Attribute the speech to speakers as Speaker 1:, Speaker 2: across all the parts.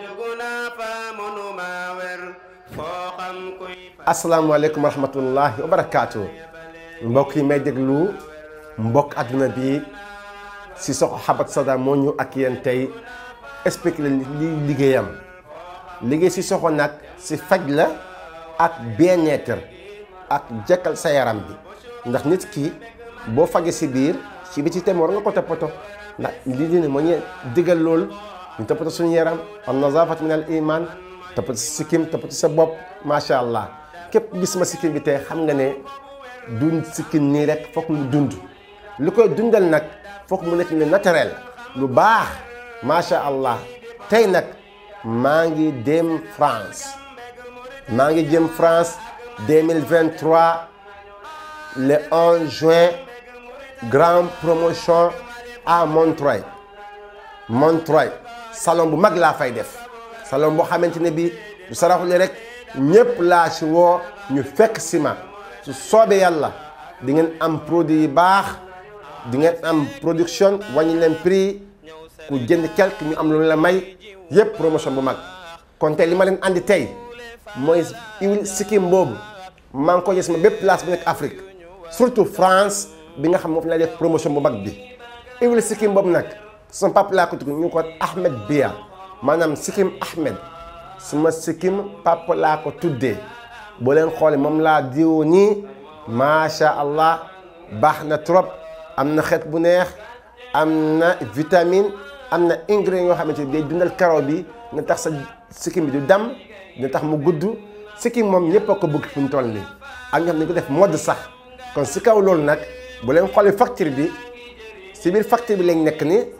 Speaker 1: juguna fa munu ma wer foo xam kuy asalaamaaleykum wa rahmatullahi wa barakaatu mbokk yi may deglu mbok aduna bi si soxo xabat sada mo ñu ak yeen tay expliquer li ligeyam liggéey si soxo nak si faj la ak bien-être ak jekal sa yaram bi ndax nit ki bo fage si bir ci biti war nga ko topoto ndax li dina mo ñe digal loolu ñu toppatoo suñu yaram an nazafat min al iman toppatoo sa sikkim toppatoo sa bopp macha allah képp gis ma sikkim bi te xam nga ne duñ sikkim nii rek foog mu dund lu dundal nag foog mu nekk lu naturel lu baax macha allah tey nag maa ngi dem France maa ngi jëm France 2023 le 11 juin grande promotion à Montreuil Montreuil salon bu mag laa fay def salon boo xamante ne bi du saraxule rek ñëpp laa ci woo ñu fekk si ma su soobee yàlla di ngeen am produit yu baax di ngeen am production wàññi leen prix ku jënd quelque ñu am lu la may yëpp promotion bu mag kon tey li ma leen andi tey mooy huile sikkim boobu maa ngi ko gis ma bépp place bu nekk Afrique surtout France bi nga xam moom laa def promotion bu mag bi huile sikkim boobu nag sama papa laa ko tudd ñu ngi ko Ahmed Biya maanaam Sikkim Ahmed suma Sikkim papa laa ko tuddee boo leen xoolee moom laa diwoo nii macha allah baax na trop am na xet bu neex am na vitamine am na ingrédients yoo xamante ni day dundal karaw bi na tax sa sikkim bi du dam dina tax mu gudd sikkim moom ñëpp a ko bëgg fu mu toll nii ak nga xam ne ko def modd sax kon si kaw loolu nag bu leen xoolee facture bi si biir facture bi lañ nekk nii.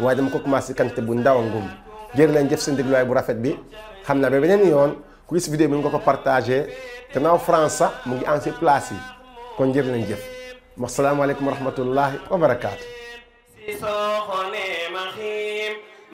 Speaker 1: waaye dama ko commencé quantité bu ndaw ngum jërë leen jëf seen dégluwaay bu rafet bi xam na ba beneen yoon ku gis vidéo bi nga ko partagé gannaaw France sax mu ngi en si ko yi kon jërë leen jëf wasalaamaaleykum wa rahmatullahi wa barakaatu.